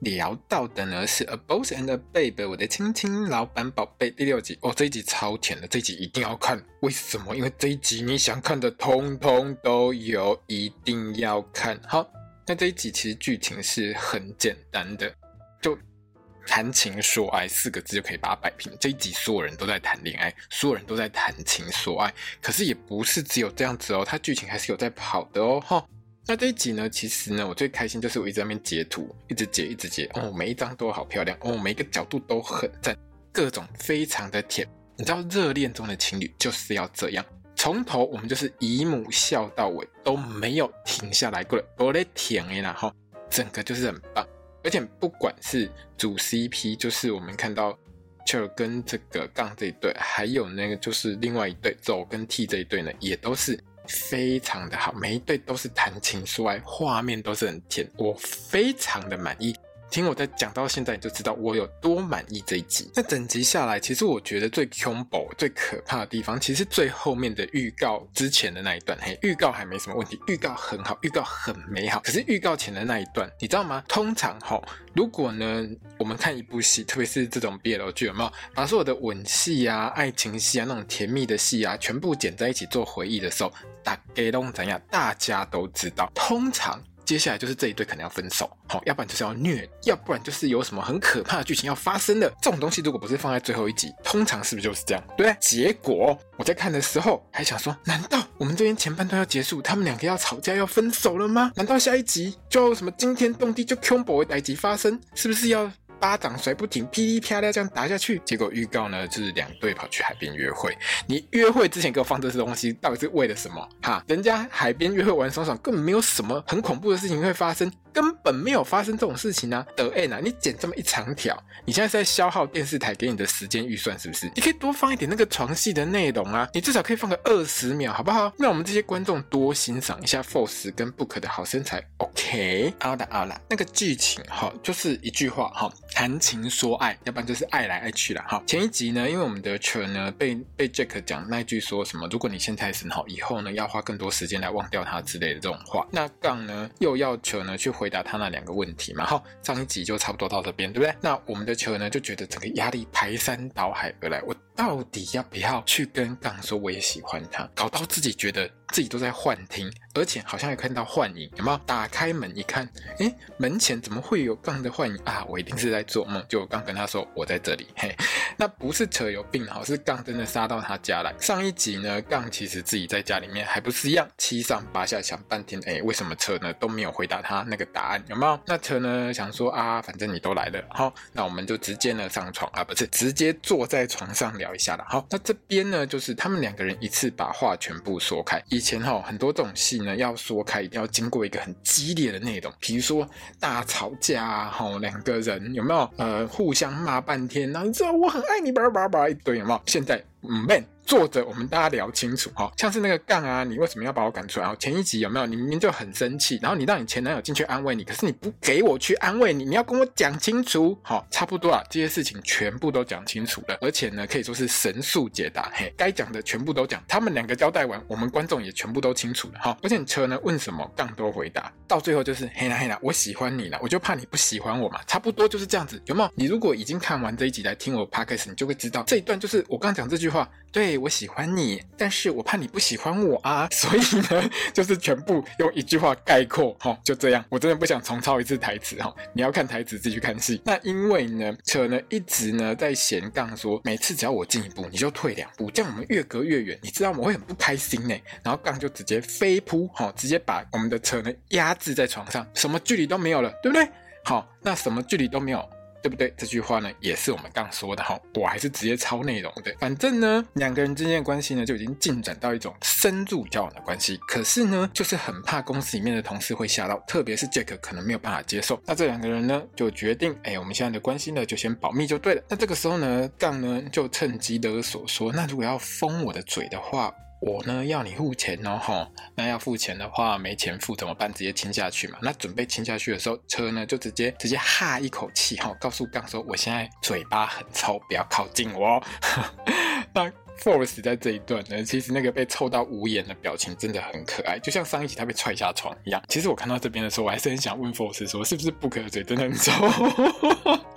聊到的呢是 A Boss and a Babe，我的親親老闆寶貝第六集哦，這一集超甜的，這一集一定要看。為什麼？因為這一集你想看的通通都有，一定要看。好，那這一集其實劇情是很簡單的，就談情說愛四個字就可以把它擺平。這一集所有人都在談戀愛，所有人都在談情說愛，可是也不是只有這樣子哦，它劇情還是有在跑的哦，哈那這一集呢，其實呢，我最開心就是我一直在那邊截圖，一直截，一直截哦，每一張都好漂亮哦，每一個角度都很讚，各種非常的甜。你知道熱戀中的情侶就是要這樣，從頭我們就是姨母笑到尾都沒有停下來過，多累甜哎，然後整個就是很棒。而且不管是主 CP，就是我們看到 Cher 跟這個槓這一對，還有那個就是另外一對走跟 T 這一對呢，也都是。非常的好，每一對都是談情說愛，畫面都是很甜，我非常的滿意。聽我在講到現在，你就知道我有多滿意這一集。那整集下來，其實我覺得最恐怖、最可怕的地方，其實最後面的預告之前的那一段。嘿，預告還沒什麼問題，預告很好，預告很美好。可是預告前的那一段，你知道嗎？通常哈、哦，如果呢我們看一部戲，特別是這種 BL 劇，有沒有？把所有的吻戲啊、愛情戲啊、那種甜蜜的戲啊，全部剪在一起做回憶的時候，大概都怎樣？大家都知道，通常。接下來就是這一對可能要分手，好、哦，要不然就是要虐，要不然就是有什麼很可怕的劇情要發生的。這種東西如果不是放在最後一集，通常是不是就是這樣？對、啊，結果我在看的時候還想說，難道我們這邊前半段要結束，他們兩個要吵架要分手了嗎？難道下一集就要什麼驚天動地就恐怖的代誌發生？是不是要？巴掌甩不停，噼里啪啦這樣打下去，結果預告呢就是兩隊跑去海邊約會。你約會之前給我放這些東西，到底是為了什麼？哈，人家海邊約會玩爽爽，根本沒有什麼很恐怖的事情會發生，根本沒有發生這種事情啊！得哎吶，你剪這麼一長條，你現在是在消耗電視台給你的時間預算是不是？你可以多放一點那個床戲的內容啊，你至少可以放個二十秒好不好？讓我們這些觀眾多欣賞一下 Force 跟 Book 的好身材。OK，好啦好啦，那個劇情哈、哦，就是一句話哈。哦談情說愛，要不然就是愛來愛去了。哈，前一集呢，因為我們的球呢被被 Jack 講那一句說什麼，如果你現在很好，以後呢要花更多時間來忘掉他之類的這種話。那槓呢又要求呢去回答他那兩個問題嘛。好，上一集就差不多到這邊，對不對？那我們的球呢就覺得整個壓力排山倒海而來，我。到底要不要去跟槓說我也喜歡他？搞到自己覺得自己都在幻聽，而且好像也看到幻影，有沒有？打開門一看，欸，門前怎麼會有槓的幻影啊？我一定是在做夢。就剛跟他說我在這裡，嘿，那不是車有病哈，是槓真的殺到他家來。上一集呢，槓其實自己在家裡面還不是一樣七上八下想半天，欸，為什麼車呢？都沒有回答他那個答案，有沒有？那車呢想說啊，反正你都來了，好，那我們就直接呢上床啊，不是，直接坐在床上聊。聊一下了，好，那這邊呢，就是他們兩個人一次把話全部說開。以前哈，很多這種戲呢，要說開，一定要經過一個很激烈的內容。比如說大吵架哈，兩個人有沒有呃互相罵半天？然後你知道我很愛你吧吧吧對，一堆有沒有？現在嗯沒。作者，我們大家聊清楚哈，像是那個槓啊，你為什麼要把我趕出來？前一集有沒有？你明明就很生氣，然後你讓你前男友進去安慰你，可是你不給我去安慰你，你要跟我講清楚哈。差不多啊，這些事情全部都講清楚了，而且呢，可以說是神速解答，嘿，該講的全部都講。他們兩個交代完，我們觀眾也全部都清楚了哈。而且你車呢問什麼槓都回答，到最後就是嘿啦嘿啦，我喜歡你啦，我就怕你不喜歡我嘛，差不多就是這樣子，有沒有？你如果已經看完這一集來聽我 Podcast，你就會知道這一段就是我剛講這句話。對，我喜歡你，但是我怕你不喜歡我啊，所以呢，就是全部用一句話概括，哈、哦，就這樣。我真的不想重抄一次台詞，哈、哦，你要看台詞自己去看戲。那因為呢，車呢一直呢在嫌槓說，每次只要我進一步，你就退兩步，這樣我們越隔越遠，你知道我們會很不開心呢。然後槓就直接飛撲，哈、哦，直接把我們的車呢壓制在床上，什麼距離都沒有了，對不對？好、哦，那什麼距離都沒有。對不對？這句話呢，也是我們剛說的哈。我還是直接抄內容的。反正呢，兩個人之間的關係呢，就已經進展到一種深入交往的關係。可是呢，就是很怕公司裡面的同事會嚇到，特別是 Jack 可能沒有辦法接受。那這兩個人呢，就決定，哎，我們現在的關係呢，就先保密就對了。那這個時候呢，槓呢就趁機勒索說，那如果要封我的嘴的話。我呢，要你付錢哦，吼，那要付錢的話，沒錢付怎麼辦？直接親下去嘛。那準備親下去的時候，車呢就直接直接哈一口氣，哈，告訴剛說，我現在嘴巴很臭，不要靠近我。 那 Force 在這一段呢，其實那個被臭到無言的表情真的很可愛，就像上一集他被踹下床一樣。其實我看到這邊的時候，我還是很想問 Force 說，是不是 Book 的嘴真的很臭？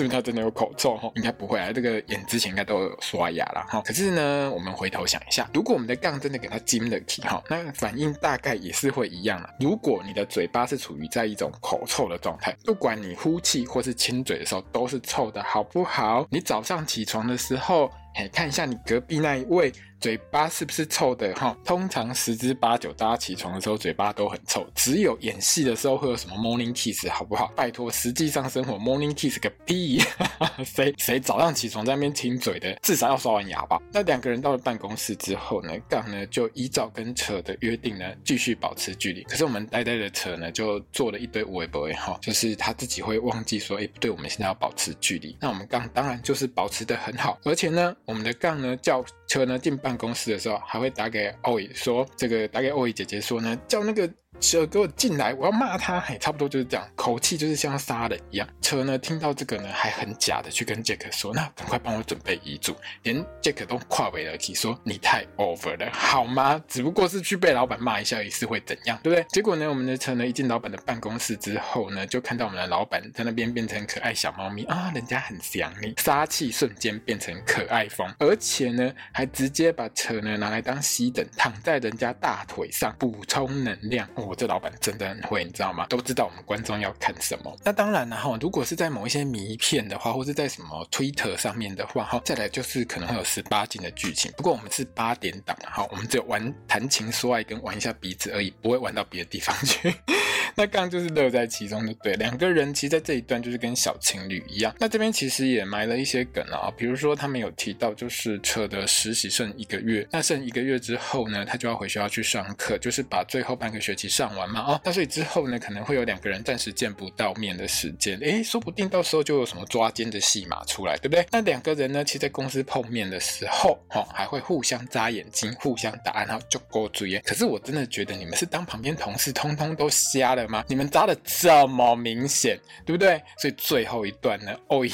是不是他真的有口臭哈？應該不會啊，這個演之前應該都有刷牙了哈。可是呢，我們回頭想一下，如果我們的槓真的給他金了氣哈，那反應大概也是會一樣。如果你的嘴巴是處於在一種口臭的狀態，不管你呼氣或是親嘴的時候都是臭的，好不好？你早上起床的時候。哎，看一下你隔壁那一位嘴巴是不是臭的哈？通常十之八九，大家起床的時候嘴巴都很臭，只有演戲的時候會有什麼 morning kiss 好不好？拜托，實際上生活 morning kiss 個屁！呵呵誰誰早上起床在那邊親嘴的，至少要刷完牙吧？那兩個人到了辦公室之後呢，槓呢就依照跟車的約定呢，繼續保持距離。可是我們呆呆的車呢，就做了一堆微博哈，就是他自己會忘記說，哎不對，我們現在要保持距離。那我們槓當然就是保持的很好，而且呢。我們的槓呢叫車呢進辦公室的時候，還會打給奧 i 說，這個打給奧 i 姐姐說呢，叫那個。車給我進來，我要罵他，嘿、欸，差不多就是這樣，口氣就是像殺人一樣。車呢，聽到這個呢，還很假的去跟傑克說：“那趕快幫我準備遺囑。”連傑克都跨不了幾說：“你太 over 了，好嗎？只不過是去被老闆罵一下一次會怎樣，對不對？”結果呢，我們的車呢一進老闆的辦公室之後呢，就看到我們的老闆在那邊變成可愛小貓咪啊，人家很想你，殺氣瞬間變成可愛風，而且呢，還直接把車呢拿來當吸等，躺在人家大腿上補充能量。我這老闆真的很會，你知道嗎？都知道我們觀眾要看什麼。那當然了哈，如果是在某一些迷片的話，或是在什麼推特上面的話哈，再來就是可能會有十八禁的劇情。不過我們是八點檔，哈，我們只有玩談情說愛跟玩一下鼻子而已，不會玩到別的地方去。 那剛剛就是樂在其中的，對。兩個人其實在這一段就是跟小情侶一樣。那這邊其實也埋了一些梗啊，比如說他們有提到就是扯的實習剩一個月，那剩一個月之後呢，他就要回學校去上課，就是把最後半個學期。上完嘛啊，哦，那所以之後呢，可能會有兩個人暫時見不到面的時間，誒說不定到時候就有什麼抓姦的戲碼出來，對不對？那兩個人呢，其實在公司碰面的時候，哦，還會互相眨眼睛，互相打暗號，就勾注意。可是我真的覺得你們是當旁邊同事通通都瞎了嗎？你們眨得這麼明顯，對不對？所以最後一段呢，歐一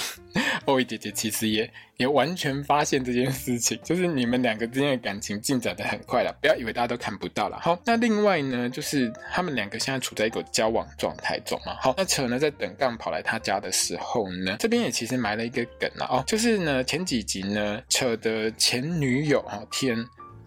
歐一姐姐其實也。也完全發現這件事情，就是你們兩個之間的感情進展得很快了，不要以為大家都看不到了。好，那另外呢，就是他們兩個現在處在一個交往狀態中嘛啊。好，那扯呢，在等槓跑來他家的時候呢，這邊也其實埋了一個梗啊，哦，就是呢前幾集呢扯的前女友天，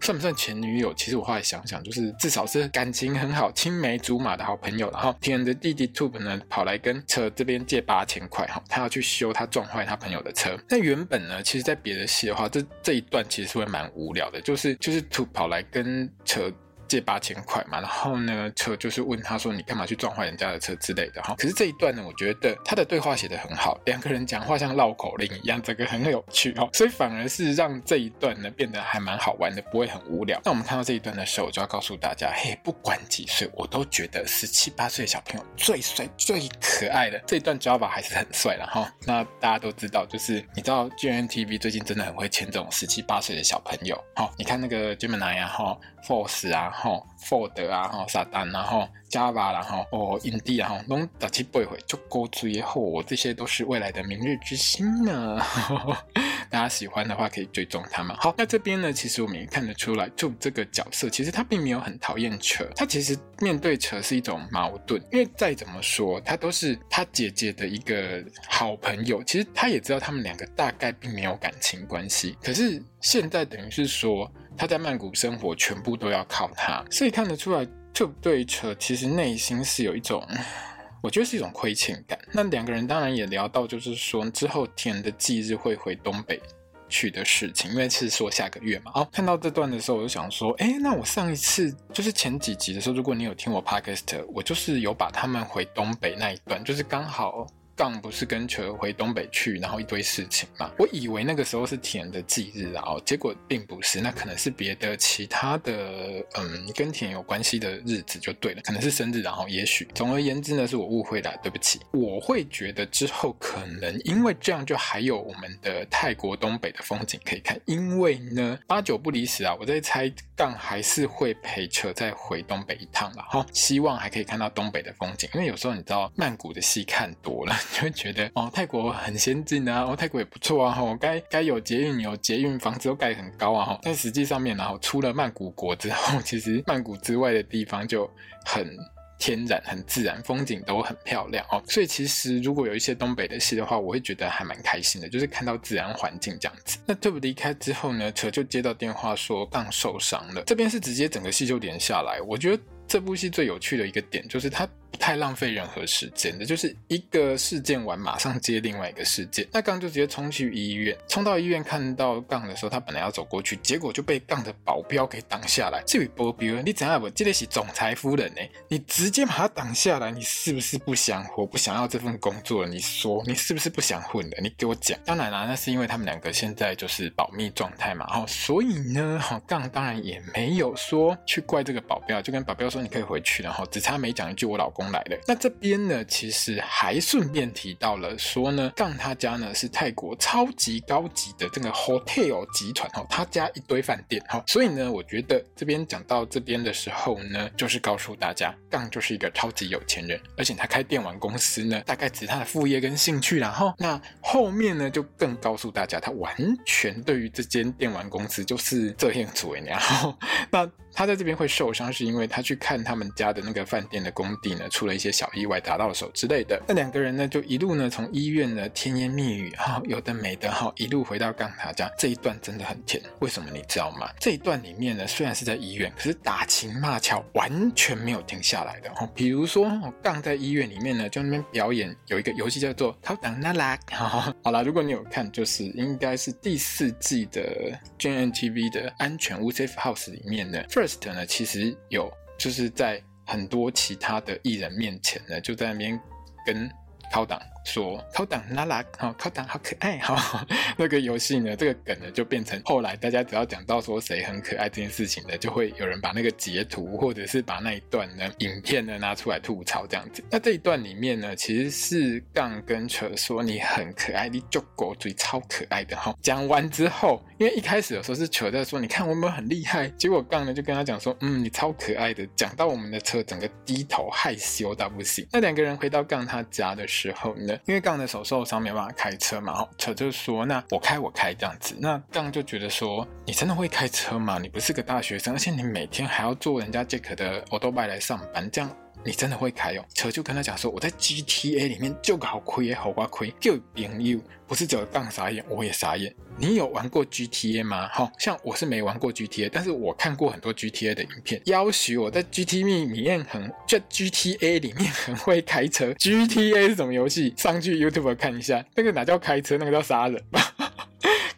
算不算前女友？其實我後來想想，就是至少是感情很好，青梅竹馬的好朋友。然後天的弟弟 Two 呢，t t 跑來跟車這邊借八千塊哈，他要去修他撞壞他朋友的車。那原本呢其實在別的戲的話，這這一段其實是會蠻無聊的，就是就是 Two 跑來跟車。借八千塊嘛，然後呢，車就是問他說：“你幹嘛去撞壞人家的車之類的？”哈，可是這一段呢，我覺得他的對話寫得很好，兩個人講話像繞口令一樣，這個很有趣哈，所以反而是讓這一段呢變得還蠻好玩的，不會很無聊。那我們看到這一段的時候，我就要告訴大家：嘿，不管幾歲，我都覺得十七八歲的小朋友最帥、最可愛的。這一段 Java 還是很帥的哈。那大家都知道，就是你知道，GMMTV 最近真的很會簽這種十七八歲的小朋友。哈，你看那個 Gemini 呀、哈。Force 啊，哈、哦、Ford 啊，哈、哦，撒旦然後 Java 然後 India 哈，攏大起八回，足夠最後這些都是未來的明日之星呢、啊。 大家喜歡的話可以追蹤他們。好，那這邊呢，其實我們也看得出來，就這個角色，其實他並沒有很討厭車，他其實面對車是一種矛盾，因為再怎麼說，他都是他姐姐的一個好朋友。其實他也知道他們兩個大概並沒有感情關係，可是現在等於是說。他在曼谷生活，全部都要靠他，所以看得出來這對車其實內心是有一種，我覺得是一種虧欠感。那兩個人當然也聊到，就是說之後天的忌日會回東北去的事情，因為是說下個月嘛。哦，看到這段的時候，我就想說，哎，那我上一次就是前幾集的時候，如果你有聽我 Podcast，我就是有把他們回東北那一段，就是剛好。槓不是跟車回東北去，然後一堆事情嘛？我以為那個時候是田的忌日啊，然後結果並不是，那可能是別的其他的嗯跟田有關係的日子就對了，可能是生日，然後也許總而言之呢，是我誤會了啊，對不起。我會覺得之後可能因為這樣就還有我們的泰國東北的風景可以看，因為呢八九不離十啊，我在猜槓還是會陪車再回東北一趟啦。哈，希望還可以看到東北的風景，因為有時候你知道曼谷的戲看多了。就會覺得哦，泰國很先進啊，哦，泰國也不錯啊，吼、哦，該該有捷運，有捷運，房子都蓋很高啊，吼、哦。但實際上面，然後出了曼谷國之後，其實曼谷之外的地方就很天然、很自然，風景都很漂亮哦。所以其實如果有一些東北的戲的話，我會覺得還蠻開心的，就是看到自然環境這樣子。那這部離開之後呢，車就接到電話說槓受傷了，這邊是直接整個戲就連下來。我覺得這部戲最有趣的一個點就是他。不太浪費任何時間的，就是一個事件完馬上接另外一個事件。那剛就直接衝去醫院，衝到醫院看到槓的時候，他本來要走過去，結果就被槓的保鏢給擋下來。這位保鏢，你怎樣不？這裡、個、是總裁夫人呢、欸，你直接把他擋下來，你是不是不想活？不想要這份工作了？你說你是不是不想混了？你給我講。當然啦、啊，那是因為他們兩個現在就是保密狀態嘛。哦，所以呢，哈槓當然也沒有說去怪這個保鏢，就跟保鏢說你可以回去，然後只差沒講一句我老公。來的，那這邊呢，其實還順便提到了說呢，槓他家呢是泰國超級高級的這個 hotel 集團哦，他家一堆飯店哦，所以呢，我覺得這邊講到這邊的時候呢，就是告訴大家，槓就是一個超級有錢人，而且他開電玩公司呢，大概只是他的副業跟興趣啦，然、哦、後，那後面呢就更告訴大家，他完全對於這間電玩公司就是這樣子然後。那他在這邊會受傷是因為他去看他們家的那個飯店的工地呢，出了一些小意外，打到手之類的。那兩個人呢，就一路呢從醫院的甜言蜜語，哈、哦，有的沒的，哈、哦，一路回到剛他家。這一段真的很甜，為什麼你知道嗎？這一段裡面呢，雖然是在醫院，可是打情罵俏完全沒有停下來的。哦，比如說，剛、哦、在醫院裡面呢，就那邊表演有一個遊戲叫做“考當那拉”。好、哦，好了，如果你有看，就是應該是第四季的 GMMTV 的《安全屋 safe house》裡面的 First 呢，其實有就是在。很多其他的藝人面前呢，就在那邊跟靠擋。說考黨拉拉好，考黨、哦、好可愛好、哦，那個遊戲呢，這個梗呢就變成後來大家只要講到說誰很可愛這件事情呢，就會有人把那個截圖或者是把那一段呢，影片呢拿出來吐槽這樣子。那這一段裡面呢，其實是槓跟車說你很可愛，你豬狗嘴超可愛的哈、哦。講完之後，因為一開始的時候是車在說，你看我們很厲害，結果槓呢就跟他講說，嗯，你超可愛的。講到我們的車整個低頭害羞到不行。那兩個人回到槓他家的時候呢，因為剛的手受傷，沒辦法開車嘛，然後車就說，那我開我開這樣子，那剛就覺得說，你真的會開車嗎？你不是個大學生，而且你每天還要坐人家傑克的歐兜拜來上班這樣。你真的會開哦，車就跟他講說，我在 GTA 裡面就好虧也好刮虧，就贏又不是只有當傻眼，我也傻眼。你有玩過 GTA 嗎？哈、哦，像我是沒玩過 GTA，但是我看過很多 GTA 的影片，要許我在 GTA 裡面很就在 GTA 裡面很會開車。GTA 是什麼遊戲？上去 YouTube 看一下，那個哪叫開車，那個叫殺人。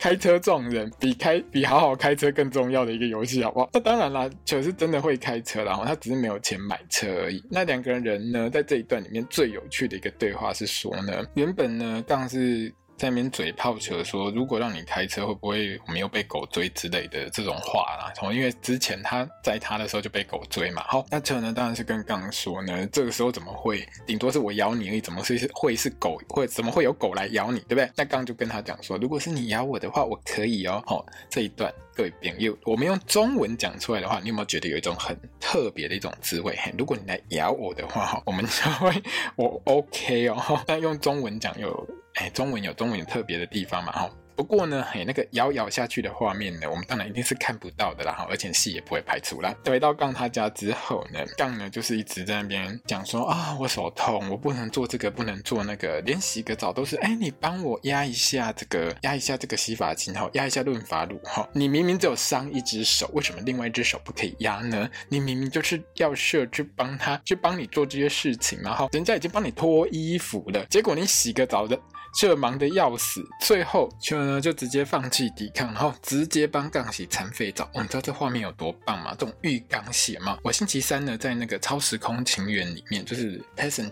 開車撞人比開比好好開車更重要的一個遊戲，好不好？那當然啦，球是真的會開車啦，然後他只是沒有錢買車而已。那兩個人人呢，在這一段裡面最有趣的一個對話是說呢，原本呢槓是。在那邊嘴炮球說，如果讓你開車會不會沒有被狗追之類的這種話啦。因為之前他載他的時候就被狗追嘛，好，那車呢當然是跟剛剛說呢，這個時候怎麼會，頂多是我咬你而已，怎麼是會是狗，會怎麼會有狗來咬你，對不對？那剛剛就跟他講說，如果是你咬我的話，我可以喔，哦，好這一段。各位朋友，我們用中文講出來的話，你有沒有覺得有一種很特別的一種滋味？如果你來咬我的話，哈，我們就會，我 OK 哦。但用中文講有，哎，中文有，中文有特別的地方嘛，哈。不過呢，嘿，那個咬咬下去的畫面呢，我們當然一定是看不到的啦，哈，而且戲也不會拍出來。回到槓他家之後呢，槓呢就是一直在那邊講說啊、哦，我手痛，我不能做這個，不能做那個，連洗個澡都是，哎，你幫我壓一下這個，壓一下這個洗髮精，哈，壓一下潤髮乳，哈、哦，你明明只有傷一隻手，為什麼另外一隻手不可以壓呢？你明明就是要設去幫他，去幫你做這些事情嘛，哈、哦，人家已經幫你脫衣服了，結果你洗個澡的，這忙得要死，最後就。就直接放棄抵抗，然後直接幫槓洗殘廢澡。你知道這畫面有多棒嗎？這種浴缸戲嗎？我星期三呢在那個《超時空情緣》裡面，就是《Passenger》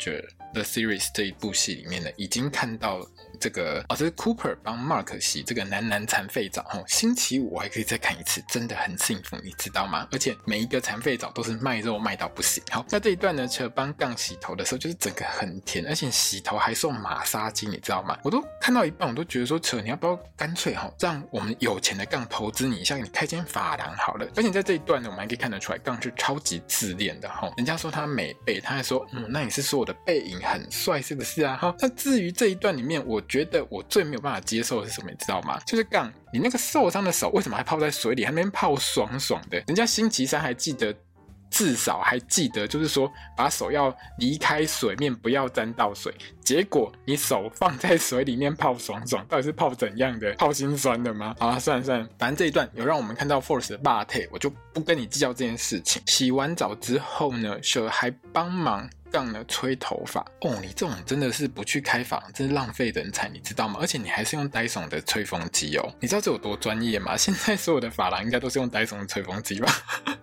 The Series 這一部戲裡面呢，已經看到了。這個哦，這是 Cooper 幫 Mark 洗這個男男殘廢澡哦，星期五我還可以再看一次，真的很幸福，你知道嗎？而且每一個殘廢澡都是賣肉賣到不行。好，那這一段呢，扯幫槓洗頭的時候，就是整個很甜，而且洗頭還送馬殺雞，你知道嗎？我都看到一半，我都覺得說扯，你要不要乾脆哈、哦，讓我們有錢的槓投資你一下，給你開間髮廊好了。而且在這一段呢，我們還可以看得出來，槓是超級自戀的哈、哦。人家說他美背，他還說，嗯，那你是說我的背影很帥，是不是啊？哈、哦，那至於這一段裡面我。覺得我最沒有辦法接受的是什麼，你知道嗎？就是剛你那個受傷的手，為什麼還泡在水裡，還沒泡爽爽的？人家星期三還記得，至少還記得，就是說把手要離開水面，不要沾到水。結果你手放在水裡面泡爽爽，到底是泡怎樣的？泡心酸的嗎？好啊，算了算了，反正這一段有讓我們看到 Force 的霸氣，我就不跟你計較這件事情。洗完澡之後呢，雪兒還幫忙。這呢，吹頭髮哦，你這種真的是不去開房，真是浪費人才，你知道嗎？而且你還是用戴森的吹風機哦，你知道這有多專業嗎？現在所有的髮廊應該都是用戴森的吹風機吧？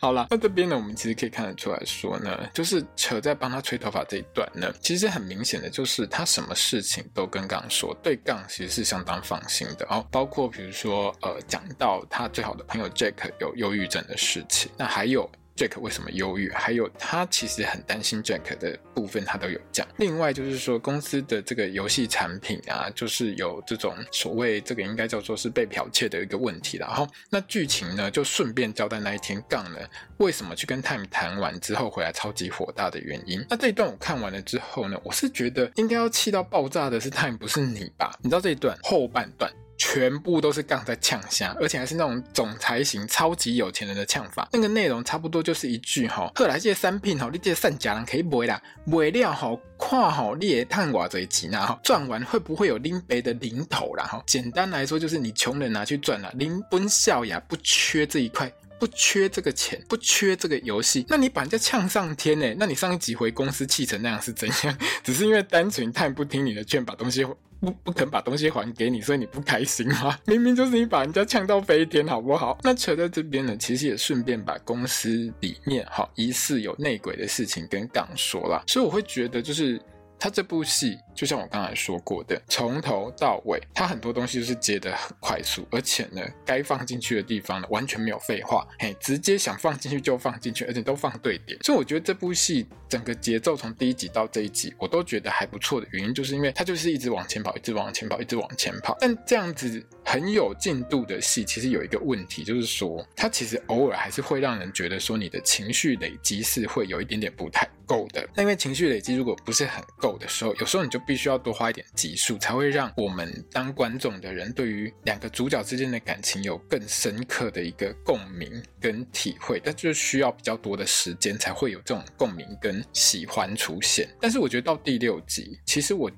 好啦，那這邊呢，我們其實可以看得出來說呢，就是扯在幫他吹頭髮這一段呢，其實很明顯的就是他什麼事情都跟剛，剛說對槓，其實是相當放心的哦。包括比如說呃，講到他最好的朋友 Jack 有憂鬱症的事情，那還有。Jack 為什麼憂鬱？還有他其實很擔心 Jack 的部分，他都有講。另外就是說公司的這個遊戲產品啊，就是有這種所謂這個應該叫做是被剽竊的一個問題。然後那劇情呢，就順便交代那一天槓呢，為什麼去跟 Tim 談完之後回來超級火大的原因。那這一段我看完了之後呢，我是覺得應該要氣到爆炸的是 Tim，不是你吧？你知道這一段後半段。全部都是槓在嗆下，而且還是那種總裁型超級有錢人的嗆法。那個內容差不多就是一句哈，克萊借三聘，吼，你這些散家人可以買啦，買料吼，看好裂炭瓦這一集吶哈，賺完會不會有拎杯的零頭啦哈？簡單來說就是你窮人拿去賺了，拎本孝呀不缺這一塊。不缺這個錢，不缺這個遊戲，那你把人家嗆上天呢？那你上一集回公司氣成那樣是怎樣？只是因為單純他不聽你的勸，把東西不不肯把東西還給你，所以你不開心嗎、啊？明明就是你把人家嗆到飛天，好不好？那扯在這邊呢，其實也順便把公司裡面哈，疑似，有內鬼的事情跟港說了，所以我會覺得就是。他這部戲就像我剛才說過的，從頭到尾，他很多東西都是接得很快速，而且呢，該放進去的地方呢，完全沒有廢話，嘿，直接想放進去就放進去，而且都放對點。所以我覺得這部戲整個節奏從第一集到這一集，我都覺得還不錯的原因，就是因為它就是一直往前跑，一直往前跑，一直往前跑。但這樣子。很有進度的戲，其實有一個問題，就是說它其實偶爾還是會讓人覺得說你的情緒累積是會有一點點不太夠的。那因為情緒累積如果不是很夠的時候，有時候你就必須要多花一點集數，才會讓我們當觀眾的人對於兩個主角之間的感情有更深刻的一個共鳴跟體會。但就是需要比較多的時間才會有這種共鳴跟喜歡出現。但是我覺得到第六集，其實我。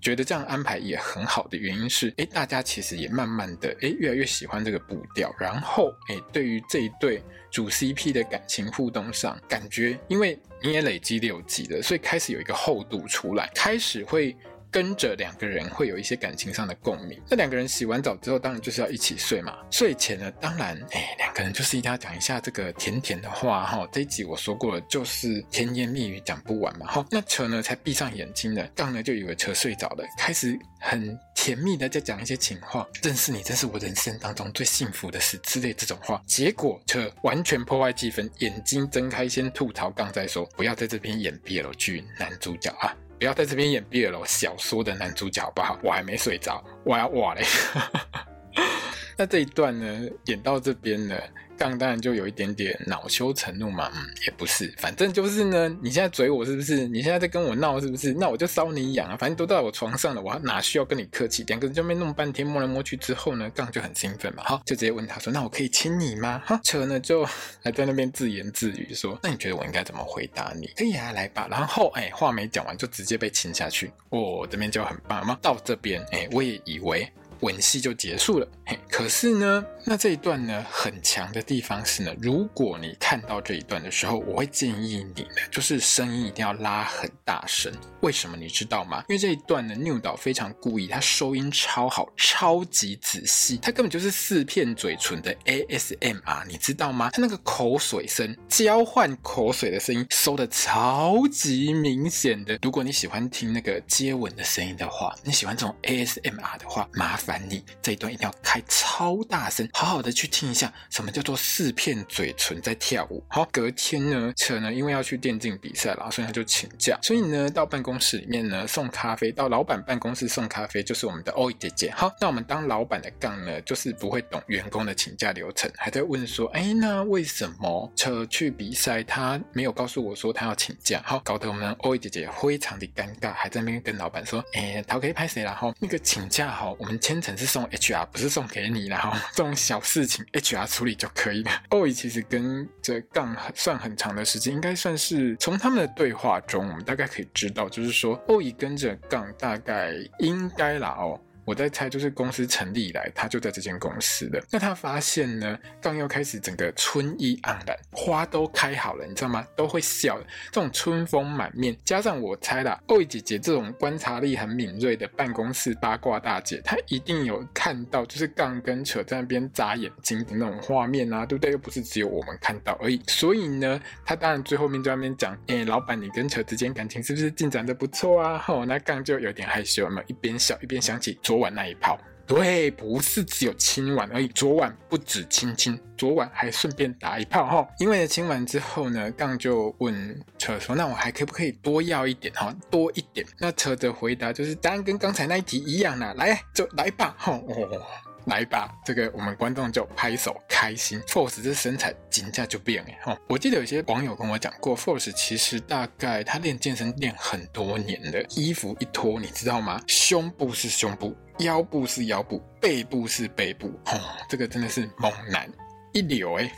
覺得這樣安排也很好的原因是，哎，大家其實也慢慢的，哎，越來越喜歡這個步調，然後，哎，對於這一對主 CP 的感情互動上，感覺因為你也累積六集了，所以開始有一個厚度出來，開始會。跟着兩個人會有一些感情上的共鳴。那兩個人洗完澡之後，當然就是要一起睡嘛。睡前呢，當然，哎，兩個人就是一定要講一下這個甜甜的話哈。這一集我說過了，就是甜言蜜語講不完嘛。哈，那車呢才閉上眼睛的槓呢，槓呢就以為車睡着了，開始很甜蜜的在講一些情話，正是你真是我人生當中最幸福的事之類這種話。結果車完全破壞氣氛，眼睛睜開先吐槽槓再說，不要在這邊演 BL 劇男主角啊。不要在這邊演 BL 小說的男主角，好不好？我還沒睡着，我要哇嘞！哈哈哈 那這一段呢，演到這邊呢，槓當然就有一點點惱羞成怒嘛，嗯，也不是，反正就是呢，你現在嘴我是不是？你現在在跟我鬧是不是？那我就搔你癢啊，反正都在我床上了，我還哪需要跟你客氣？兩個人就沒弄半天摸來摸去之後呢，槓就很興奮嘛，好，就直接問他說：“那我可以親你嗎？”哈，車呢就還在那邊自言自語說：“那你覺得我應該怎麼回答你？可以啊，來吧。”然後哎、欸，話沒講完就直接被親下去，哦，這邊就很棒嘛，到這邊哎、欸，我也以為。吻戲就結束了。嘿，可是呢，那這一段呢，很強的地方是呢，如果你看到這一段的時候，我會建議你呢，就是聲音一定要拉很大聲。為什麼你知道嗎？因為這一段呢，New 導非常故意，他收音超好，超級仔細，他根本就是四片嘴唇的 ASMR，你知道嗎？他那個口水聲，交換口水的聲音收的超級明顯的。如果你喜歡聽那個接吻的聲音的話，你喜歡這種 ASMR 的話，麻煩。管理這一段一定要開超大聲，好好的去聽一下，什麼叫做四片嘴唇在跳舞。好，隔天呢，車呢因為要去電競比賽啦，所以他就請假。所以呢，到辦公室裡面呢送咖啡，到老闆辦公室送咖啡就是我們的 OI 姐姐。好，那我們當老闆的槓呢，就是不會懂員工的請假流程，還在問說，哎，那為什麼車去比賽他沒有告訴我說他要請假？好，搞得我們 OI 姐姐非常的尷尬，還在那邊跟老闆說，哎，他可以拍誰啦？然後那個請假好，我們簽。是送 HR，不是送給你，然後這種小事情，HR 處理就可以了。歐乙、e、其實跟着槓算很長的時間，應該算是從他們的對話中，我們大概可以知道，就是說歐乙、e、跟着槓大概應該啦哦。我在猜，就是公司成立以來，他就在這間公司的。那他發現呢，槓又開始整個春意盎然，花都開好了，你知道嗎？都會笑的這種春風滿面，加上我猜啦，歐姐姐這種觀察力很敏銳的辦公室八卦大姐，她一定有看到，就是槓跟扯在那邊眨眼睛的那種畫面啊，對不對？又不是只有我們看到而已。所以呢，他當然最後面就在那邊講，哎、欸，老闆，你跟扯之間感情是不是進展得不錯啊？吼、哦，那槓就有點害羞，有沒有？一邊笑一邊想起昨。玩那一炮，對，不是只有親完而已，昨晚不止親親，昨晚還順便打一炮哈、哦。因為親完之後呢，剛就問車說，那我還可以不可以多要一點哈、哦，多一點。那車的回答就是，當然跟剛才那一題一樣啦，來就來吧吼。哦 來吧，這個我們觀眾就拍手開心。Force 這身材真的，評價就變了哈。我記得有些網友跟我講過，Force 其實大概他練健身練很多年的，衣服一脫，你知道嗎？胸部是胸部，腰部是腰部，背部是背部，哦，這個真的是猛男一扭欸，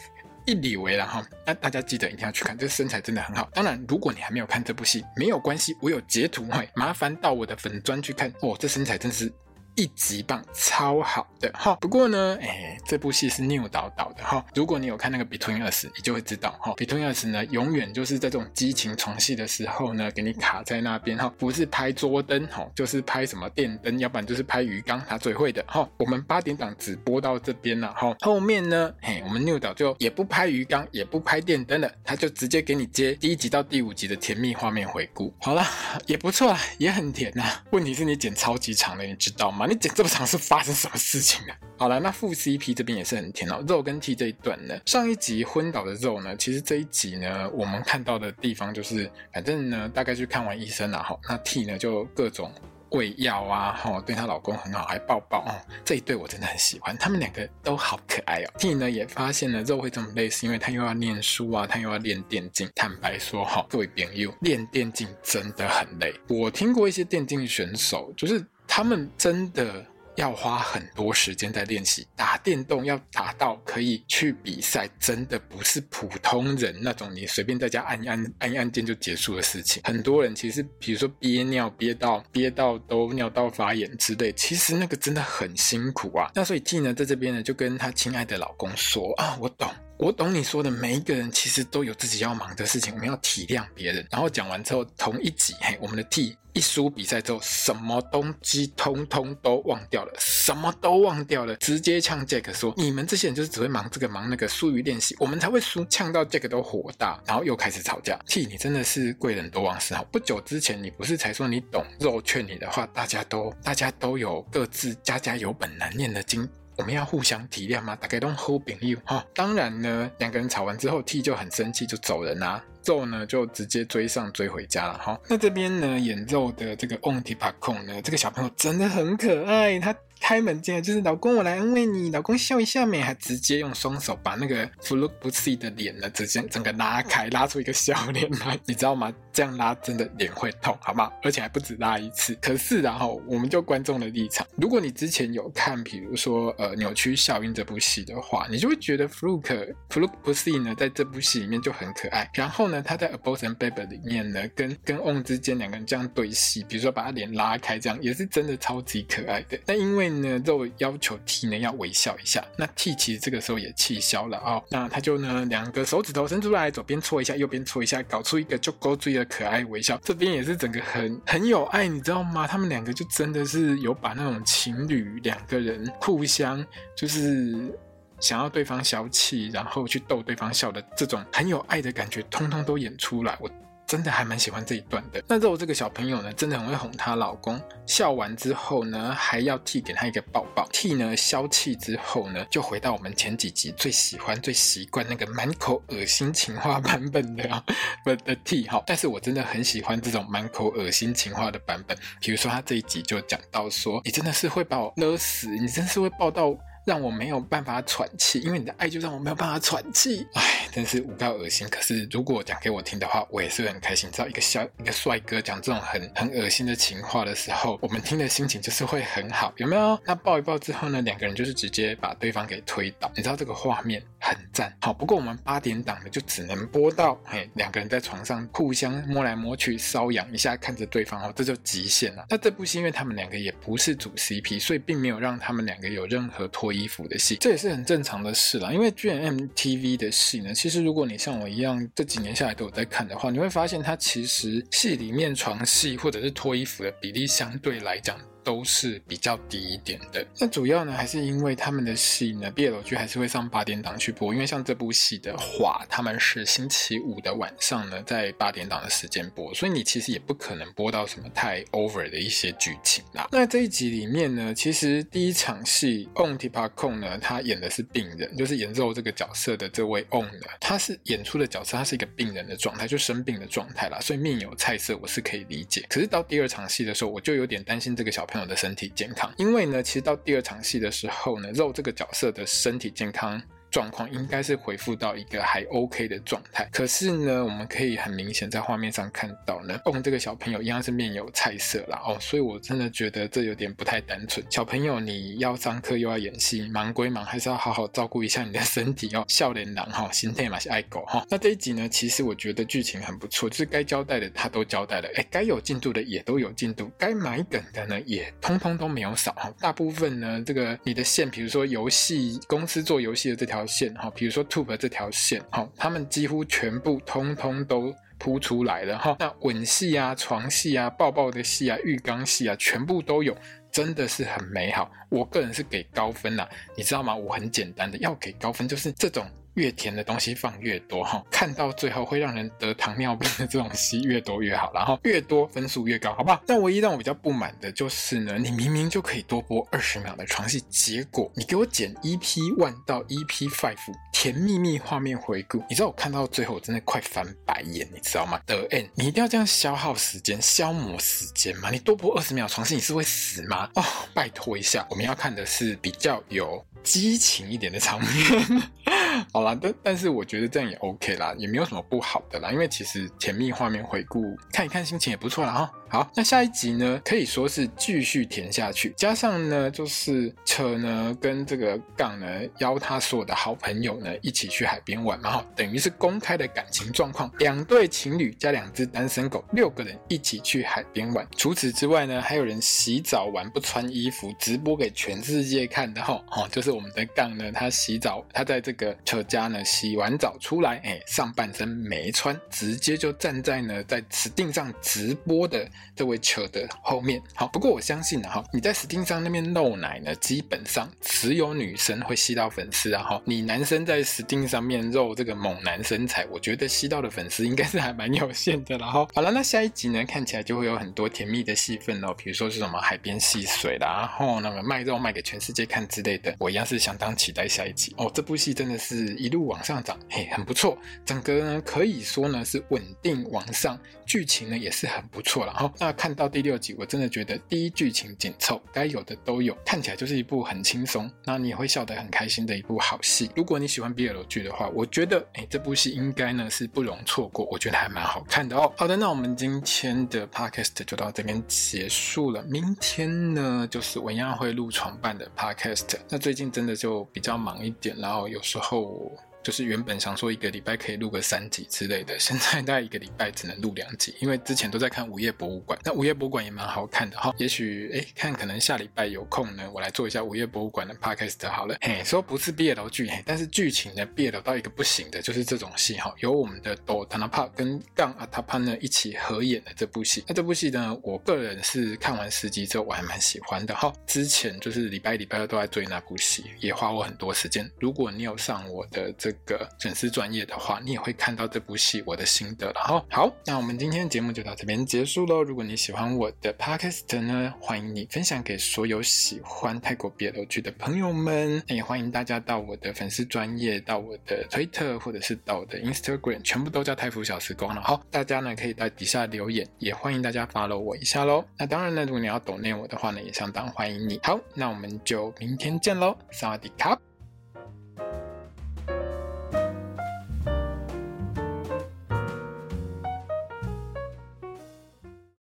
一扭為然後，那、哦啊、大家記得一定要去看，這身材真的很好。當然，如果你還沒有看這部戲，沒有關係，我有截圖哎，麻煩到我的粉專去看哦。這身材真是。一級棒，超好的哈、哦。不過呢，哎，這部戲是 New 導導的哈、哦。如果你有看那個 Between Us，你就會知道哈。哦、Between Us 呢，永遠就是在這種激情床戲的時候呢，給你卡在那邊哈、哦，不是拍桌燈哈、哦，就是拍什麼電燈，要不然就是拍魚缸，他最會的哈、哦。我們八點檔只播到這邊了哈、哦，後面呢，嘿，我們 New 導就也不拍魚缸，也不拍電燈了，他就直接給你接第一集到第五集的甜蜜畫面回顧。好啦，也不錯啊，也很甜吶、啊。問題是你剪超級長的，你知道嗎？你剪這麼長是發生什麼事情啊？好了，那副 CP 這邊也是很甜哦、喔。肉跟 T 這一段呢，上一集昏倒的肉呢，其實這一集呢，我們看到的地方就是，反正呢，大概去看完醫生然後、喔。那 T 呢，就各種餵藥啊，哈、喔，對她老公很好，還抱抱哦、喔。這一對我真的很喜歡，他們兩個都好可愛哦、喔。T 呢也發現了肉會這麼累，是因為她又要念書啊，她又要練電競。坦白說哈、喔，各位朋友，練電競真的很累。我聽過一些電競選手就是。他們真的要花很多時間在練習打電動，要打到可以去比賽，真的不是普通人那種你隨便在家按一按、按一按鍵就結束的事情。很多人其實，比如說憋尿憋到憋到都尿道發炎之類，其實那個真的很辛苦啊。那所以 T 呢，在這邊呢，就跟她親愛的老公說啊，我懂。我懂你說的，每一個人其實都有自己要忙的事情，我們要體諒別人。然後講完之後，同一集，嘿，我們的 T 一輸比賽之後，什麼東西通通都忘掉了，什麼都忘掉了，直接嗆 Jack 說：“你們這些人就是只會忙這個忙那個，疏於練習，我們才會輸。”嗆到 Jack 都火大，然後又開始吵架。T，你真的是貴人多忘事啊，不久之前，你不是才說你懂？肉勸你的話，大家都大家都有各自家家有本難念的經。我們要互相體諒嗎？大家都？當然呢，兩個人吵完之後，T 就很生氣就走人啦，啊，奏呢就直接追上追回家了。哈，那這邊呢演奏的這個 ontipaco 呢，這個小朋友真的很可愛，他。開門見的就是老公，我來安慰你。老公笑一下面，還直接用雙手把那個 Fluke Pusit 的臉呢，直接整個拉開，拉出一個笑臉來，你知道嗎？這樣拉真的臉會痛，好嗎？而且還不止拉一次。可是，然後我們就觀眾的立場，如果你之前有看，比如說呃扭曲效應這部戲的話，你就會覺得 Fluke Fluke Pusit 呢，在這部戲裡面就很可愛。然後呢，他在 A Boss and a Babe 裡面呢，跟跟 Ong 之間兩個人這樣對戲，比如說把他臉拉開，這樣也是真的超級可愛的。但因為呢。就要求 T 呢要微笑一下，那 T 其實這個時候也氣消了啊、哦，那他就呢兩個手指頭伸出來，左邊戳一下，右邊戳一下，搞出一個 j o g g e 的可愛微笑，這邊也是整個很很有愛，你知道嗎？他們兩個就真的是有把那種情侶兩個人互相就是想要對方消氣，然後去逗對方笑的這種很有愛的感覺，通通都演出來我。真的還蠻喜歡這一段的。但是我這個小朋友呢，真的很會哄她老公。笑完之後呢，還要替給她一個抱抱。替呢消氣之後呢，就回到我們前幾集最喜歡、最習慣那個滿口噁心情話版本的本的替哈。但是我真的很喜歡這種滿口噁心情話的版本。比如說他這一集就講到說，你真的是會把我勒死，你真的是會抱到。讓我沒有辦法喘氣，因為你的愛就讓我沒有辦法喘氣。哎，真是五到噁心。可是如果講給我聽的話，我也是很開心。知道一個小一個帥哥講這種很很噁心的情話的時候，我們聽的心情就是會很好，有沒有？那抱一抱之後呢，兩個人就是直接把對方給推倒。你知道這個畫面很讚。好，不過我們八點檔的就只能播到哎，兩個人在床上互相摸來摸去，瘙癢一下，看着對方，哦，這就極限了。那這部戲因為他們兩個也不是主 CP，所以並沒有讓他們兩個有任何脫服衣服的戲，這也是很正常的事啦。因為 GMMTV 的戲呢，其實如果你像我一樣這幾年下來都有在看的話，你會發現它其實戲裡面床戲或者是脫衣服的比例相對來講。都是比較低一點的，那主要呢還是因為他們的戲呢，畢業樓劇還是會上八點檔去播。因為像這部戲的話，他們是星期五的晚上呢，在八點檔的時間播，所以你其實也不可能播到什麼太 over 的一些劇情啦。那這一集裡面呢，其實第一場戲 On Tipa Kong 呢，他演的是病人，就是演肉這個角色的這位 On 呢，他是演出的角色，他是一個病人的狀態，就生病的狀態啦，所以面有菜色我是可以理解。可是到第二場戲的時候，我就有點擔心這個小朋友的身體健康，因為呢，其實到第二場戲的時候呢，肉這個角色的身體健康狀況應該是恢復到一個還 OK 的狀態，可是呢，我們可以很明顯在畫面上看到呢，哦，這個小朋友一樣是面有菜色啦。哦，所以我真的覺得這有點不太單純。小朋友，你要上課又要演戲，忙歸忙，還是要好好照顧一下你的身體哦。少年郎哈，身體嘛是愛顧哈、哦。那這一集呢，其實我覺得劇情很不錯，就是該交代的他都交代了，哎，該有進度的也都有進度，該埋梗的呢也通通都沒有少哈、哦。大部分呢，這個你的線，比如說遊戲公司做遊戲的這條。線哈，比如說 tube 這條線哈，他們幾乎全部通通都鋪出來了哈。那吻戲啊、床戲啊、抱抱的戲啊、浴缸戲啊，全部都有，真的是很美好。我個人是給高分啦，你知道嗎？我很簡單的要給高分，就是這種。越甜的東西放越多哈，看到最後會讓人得糖尿病的這種戲越多越好啦，然後越多分數越高，好不好？但唯一讓我比較不滿的就是呢，你明明就可以多播二十秒的床戲，結果你給我剪 EP One 到 EP Five，甜蜜蜜畫面回顧，你知道我看到最後我真的快翻白眼，你知道嗎？的 N，你一定要這樣消耗時間、消磨時間嗎？你多播二十秒床戲你是會死嗎？哦，拜託一下，我們要看的是比較有。激情一點的場面， 好啦，但但是我覺得這樣也 OK 啦，也沒有什麼不好的啦，因為其實甜蜜畫面回顧看一看，心情也不錯啦哈。好，那下一集呢，可以說是繼續甜下去，加上呢就是車呢跟這個槓呢邀他所有的好朋友呢一起去海邊玩嘛哈，然後等於是公開的感情狀況，兩對情侶加兩只單身狗，六個人一起去海邊玩。除此之外呢，還有人洗澡玩不穿衣服直播給全世界看的哈，哦就是。我們的槓呢，他洗澡，他在這個車家呢洗完澡出來，哎，上半身沒穿，直接就站在呢，在 Steam 上直播的這位車的後面。好，不過我相信哈、啊，你在 Steam 上那邊露奶呢，基本上只有女生會吸到粉絲啊。然後你男生在 Steam 上面露這個猛男身材，我覺得吸到的粉絲應該是還蠻有限的。然後，好了，那下一集呢，看起來就會有很多甜蜜的戲份哦，比如說是什麼海邊戲水啦，然、哦、後那個賣肉賣給全世界看之類的，我要。那是相當期待下一集哦！這部戲真的是一路往上漲，嘿，很不錯。整個呢，可以說呢是穩定往上，劇情呢也是很不錯啦。哦，那看到第六集，我真的覺得第一劇情緊湊，該有的都有，看起來就是一部很輕鬆，那你也會笑得很開心的一部好戲。如果你喜歡 BL 劇的話，我覺得，哎，這部戲應該呢是不容錯過，我覺得還蠻好看的哦。好的，那我們今天的 Podcast 就到這邊結束了。明天呢，就是文亞會錄床辦的 Podcast。那最近。真的就比較忙一點，然後有時候。就是原本想說一個禮拜可以錄個三集之類的，現在大概一個禮拜只能錄兩集，因為之前都在看《午夜博物館》，那《午夜博物館》也蠻好看的哈。也許哎，看可能下禮拜有空呢，我來做一下《午夜博物館》的 podcast 好了。嘿，說不是 BL 劇，嘿，但是劇情呢 BL 到一個不行的，就是這種戲哈。由我們的哦，塔納帕跟槓阿塔潘呢一起合演的這部戲。那這部戲呢，我個人是看完十集之後我還蠻喜歡的哈。之前就是禮拜禮拜二都在追那部戲，也花我很多時間。如果你有上我的這個這個粉絲專頁的話，你也會看到這部戲我的心得了哈、哦。好，那我們今天的節目就到這邊結束了。如果你喜歡我的 podcast 呢，歡迎你分享給所有喜歡泰國 BL 劇的朋友們。也歡迎大家到我的粉絲專頁，到我的 Twitter，或者是到我的 Instagram，全部都叫泰腐小時光了哈。大家呢可以在底下留言，也歡迎大家 follow 我一下嘍。那當然呢，如果你要 donate 我的話呢，也相當歡迎你。好，那我們就明天見嘍，See you t